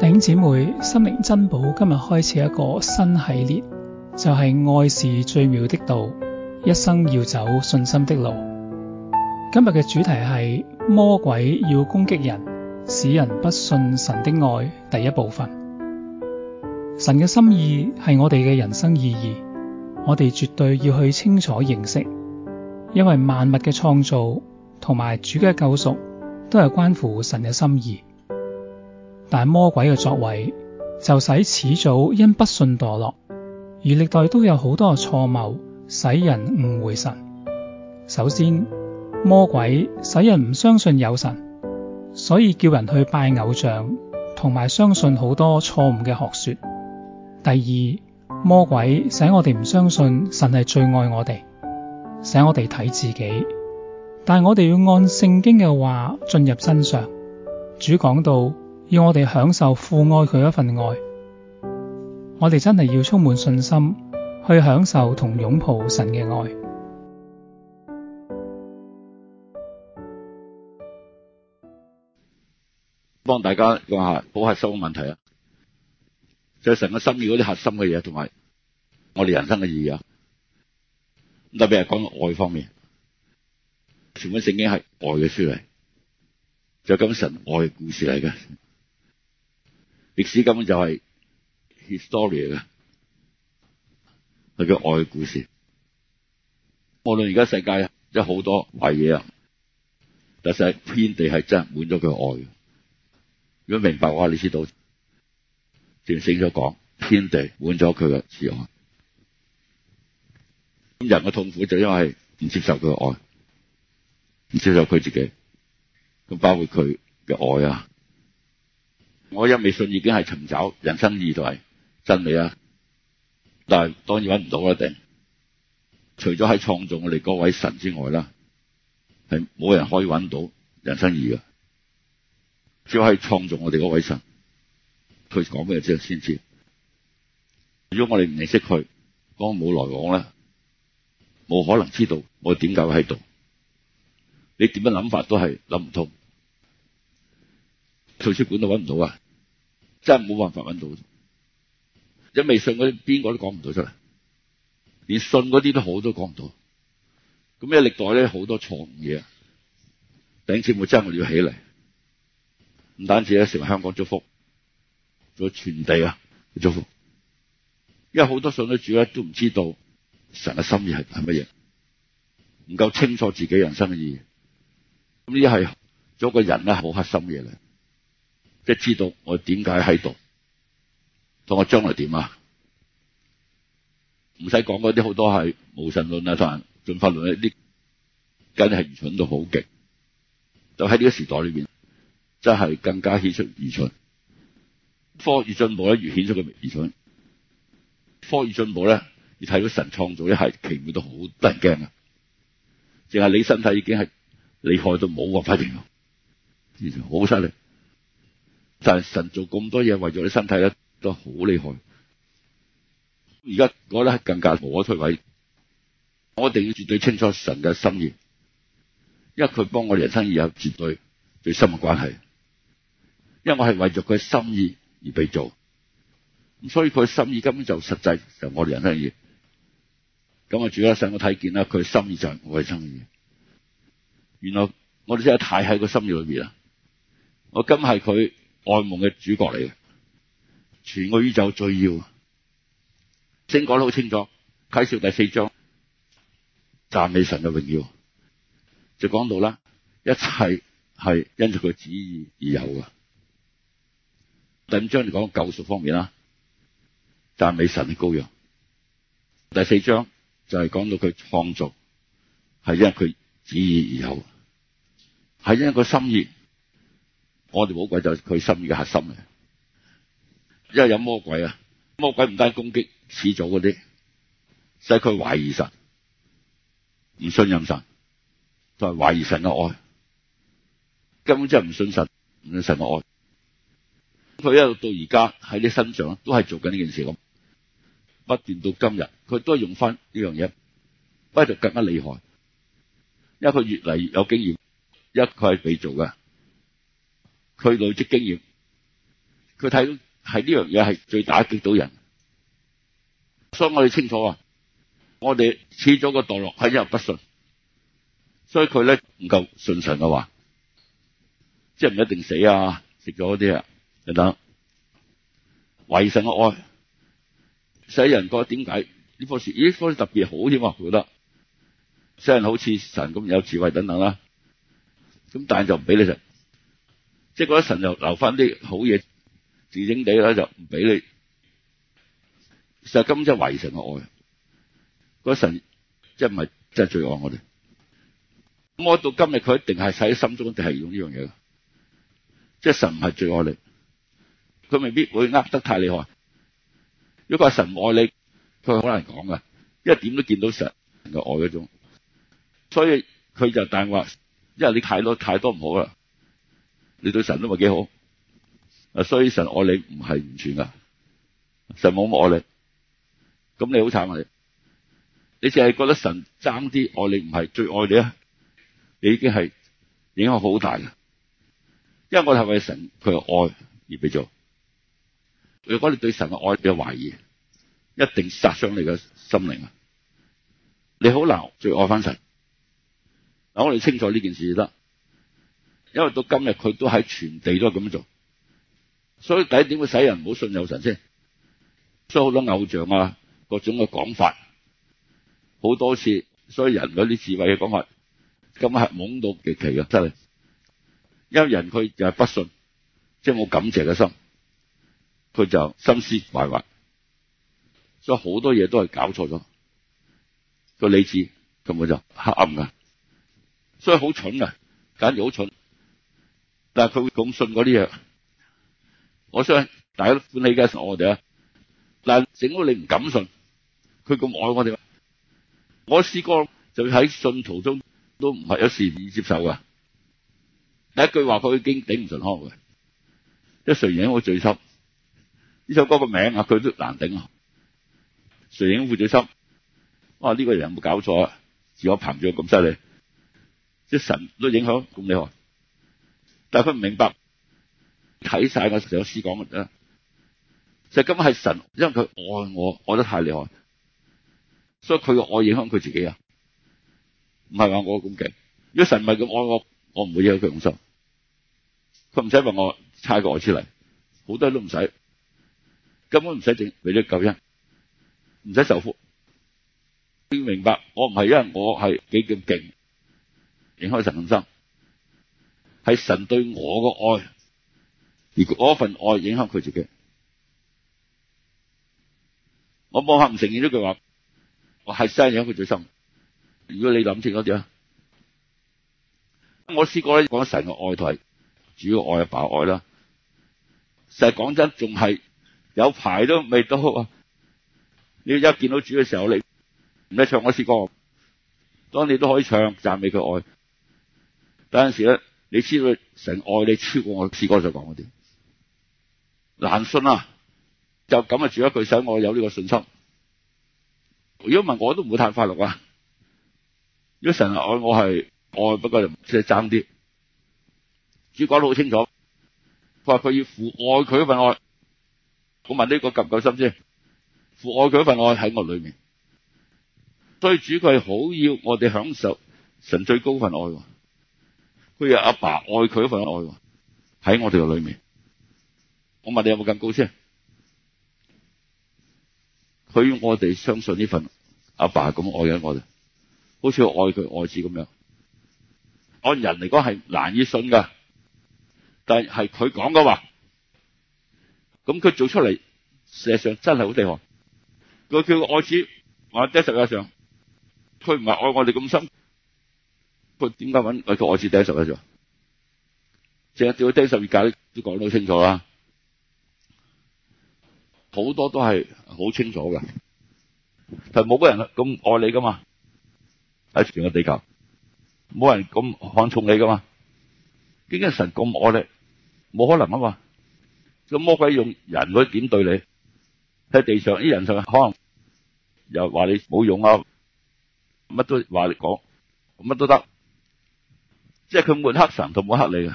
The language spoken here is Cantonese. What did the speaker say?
弟兄姐妹心靈珍寶今日開始一個新系列，就係、是、愛是最妙的道，一生要走信心的路。今日嘅主題係魔鬼要攻擊人，使人不信神的愛。第一部分，神嘅心意係我哋嘅人生意義，我哋絕對要去清楚認識，因為萬物嘅創造同埋主嘅救贖都係關乎神嘅心意。但魔鬼嘅作為就使始祖因不信墮落，而歷代都有好多錯謀使人誤會神。首先，魔鬼使人唔相信有神，所以叫人去拜偶像同埋相信好多錯誤嘅學說。第二，魔鬼使我哋唔相信神係最愛我哋，使我哋睇自己。但我哋要按聖經嘅話進入真相。主講到。要我哋享受父愛，佢一份愛，我哋真係要充滿信心去享受同擁抱神嘅愛。幫大家講下，好核心嘅問題啊，就係、神嘅心意嗰啲核心嘅嘢，同埋我哋人生嘅意義啊。特別係講到愛方面，全本聖經係愛嘅書嚟，就咁、是、神愛嘅故事嚟嘅。歷史根本就係 history 嚟嘅，係佢愛嘅故事。無論而家世界有好多壞嘢啊，但係天地係真係滿咗佢嘅愛。如果明白嘅話，你知道，聖經咗講，天地滿咗佢嘅慈愛。咁人嘅痛苦就因為唔接受佢嘅愛，唔接受佢自己，咁包括佢嘅愛啊。我一微信已經係尋找人生意義真理啊！但係當然揾唔到，一定除咗喺創造我哋嗰位神之外啦，係冇人可以揾到人生意義嘅，只可以創造我哋嗰位神。佢講咩嘢啫？先知。如果我哋唔認識佢，我冇來往咧，冇可能知道我點解會喺度。你點樣諗法都係諗唔通。圖書館都揾唔到啊！真係冇辦法揾到，未信嗰啲邊個都講唔到出嚟，連信嗰啲都好都多講唔到。咁咧歷代咧好多錯誤嘢，啊，餅姊妹真係要起嚟，唔單止咧，成為香港祝福，做傳遞啊祝福。因為好多信女主主咧都唔知道神嘅心意係係乜嘢，唔夠清楚自己人生嘅意義。咁呢係做一個人咧好黑心嘅嘢嚟。即係知道我點解喺度，同我將來點呀？唔使講嗰啲好多係無神論啊、同埋進化論啊呢，梗係愚蠢到好極。就喺呢個時代裏面，真係更加顯出愚蠢。科技進步咧，越顯出佢愚蠢。科技進步呢，你睇到神創造一係奇妙到好得人驚啊！淨係你身體已經係厲害到冇辦法形容，好犀利。但係神做咁多嘢，為咗你身體咧，都好厲害。而家我覺得更加無可推諉。我一定要絕對清楚神嘅心意，因為佢幫我哋人生有絕對最深嘅關係。因為我係為咗佢心意而被做，咁所以佢心意根本就實際就我哋人生嘅嘢。咁我主啊，使我睇見啦，佢心意就係我嘅心意。原來我哋真係太喺個心意裏邊啦。我今係佢。外蒙嘅主角嚟嘅，全個宇宙最要。聖經講得好清楚，啟示第四章讚美神嘅榮耀，就講到啦，一切係因住佢旨意而有嘅。第五章就講救贖方面啦，讚美神嘅羔羊。第四章就係講到佢創造係因佢旨意而有，係因佢心意。我哋魔鬼就係佢心嘅核心嘅，因為有魔鬼啊，魔鬼唔單攻擊始祖嗰啲，使佢懷疑神，唔信任神，就係懷疑神嘅愛，根本真係唔信神，唔信神嘅愛。佢一路到而家喺你身上都係做緊呢件事咁，不斷到今日，佢都係用翻呢樣嘢，不過就更加厲害，因為佢越嚟越有經驗，一佢係被做嘅。佢累積經驗，佢睇到係呢樣嘢係最打擊到人，所以我哋清楚啊，我哋始咗個墮落係因為不信，所以佢咧唔夠信神嘅話，即係唔一定死啊，食咗啲啊等等，懷疑神嘅愛，使人覺得點解呢棵樹，咦棵樹特別好添啊，佢覺得，使人好似神咁有智慧等等啦，咁但係就唔俾你食。即係覺得神就留翻啲好嘢，自整地咧就唔俾你。其實根本即係懷疑神嘅愛，嗰個神即係唔係即係最愛我哋。咁我到今日，佢一定係使心中，一定係用呢樣嘢。即係神唔係最愛你，佢未必會呃得太厲害。如果話神唔愛你，佢好難講噶，因為點都見到神嘅愛嗰種。所以佢就但係話，因為你太多太多唔好啦。你對神都唔係幾好，啊，所以神愛你唔係完全噶，神冇咁愛你，咁你好慘啊！你，你淨係覺得神爭啲愛你唔係最愛你啊，你已經係影響好大噶，因為我哋係為神佢嘅愛而做。如果你對神嘅愛有懷疑，一定殺傷你嘅心靈啊！你好難最愛翻神，嗱，我哋清楚呢件事得。因為到今日佢都喺全地都係咁樣做，所以第一點會使人唔好信有神先，所以好多偶像啊，各種嘅講法，好多次，所以人啲智慧嘅講法，咁係懵到極奇噶真係，因為人佢就係不信，即係冇感謝嘅心，佢就心思壞壞，所以好多嘢都係搞錯咗，個理智咁佢就黑暗噶，所以好蠢啊，簡直好蠢。但係佢會咁信嗰啲嘢，我相信大家都歡喜嘅神我哋啊！嗱，整到你唔敢信，佢咁愛我哋。我試過就喺信徒中都唔係有善意接受噶。第一句話佢已經頂唔順康嘅，即係誰影我最深。呢首歌嘅名啊，佢都難頂啊！誰影我最深。哇！呢個人有冇搞錯啊？自我憑住咁犀利，即係神都影響咁厲害。但佢唔明白，睇晒，我首詩講乜啫？就根本係神，因為佢愛我，愛得太厲害，所以佢嘅愛影響佢自己啊！唔係話我咁勁，如果神唔係咁愛我，我唔會影響佢用心。佢唔使話我差過我出嚟，好多人都唔使，根本唔使整，俾咗救恩，唔使受苦。要明白，我唔係因為我係幾咁勁，影響神信心。係神對我個愛，而嗰份愛影響佢自己，我冇下唔承認呢句話。我係生影佢最深。如果你諗清楚啲啊，我詩歌咧講神個愛同主嘅愛啊、爸嘅愛啦。實際講真，仲係有排都未到。你一見到主嘅時候，你唔係唱我啲歌，當你都可以唱讚美佢愛。有陣時咧。你知道神愛你超過我，次哥就講嗰啲難信啊！就咁啊，住一句使我有呢個信心。如果問我都唔會太快樂啊。如果神愛我係愛，不過就唔即係爭啲。主講得好清楚，佢話佢要父愛佢嗰份愛。我問呢個夠唔夠深先？父愛佢嗰份愛喺我裏面，所以主佢好要我哋享受神最高的份愛。佢阿爸愛佢一份愛喎，喺我哋嘅裏面。我問你有冇咁高先？佢要我哋相信呢份阿爸咁愛緊我哋，好似愛佢愛子咁樣。按人嚟講係難以信噶，但係係佢講嘅話。咁佢做出嚟，事實上真係好厲害。佢叫愛子，我阿爹實際上，佢唔係愛我哋咁深。佢點解揾愛佢愛字第一十咧？淨係叫佢掟十二架，都講得好清楚啦。好多都係好清楚嘅，就冇個人咁愛你噶嘛？喺全個地球，冇人咁看重你噶嘛？點解神咁愛你？冇可能啊嘛！咁魔鬼用人會點對你？喺地上啲人就可能又話你冇用啊，乜都話你講，乜都得。即係佢冇黑神，同冇黑你嘅。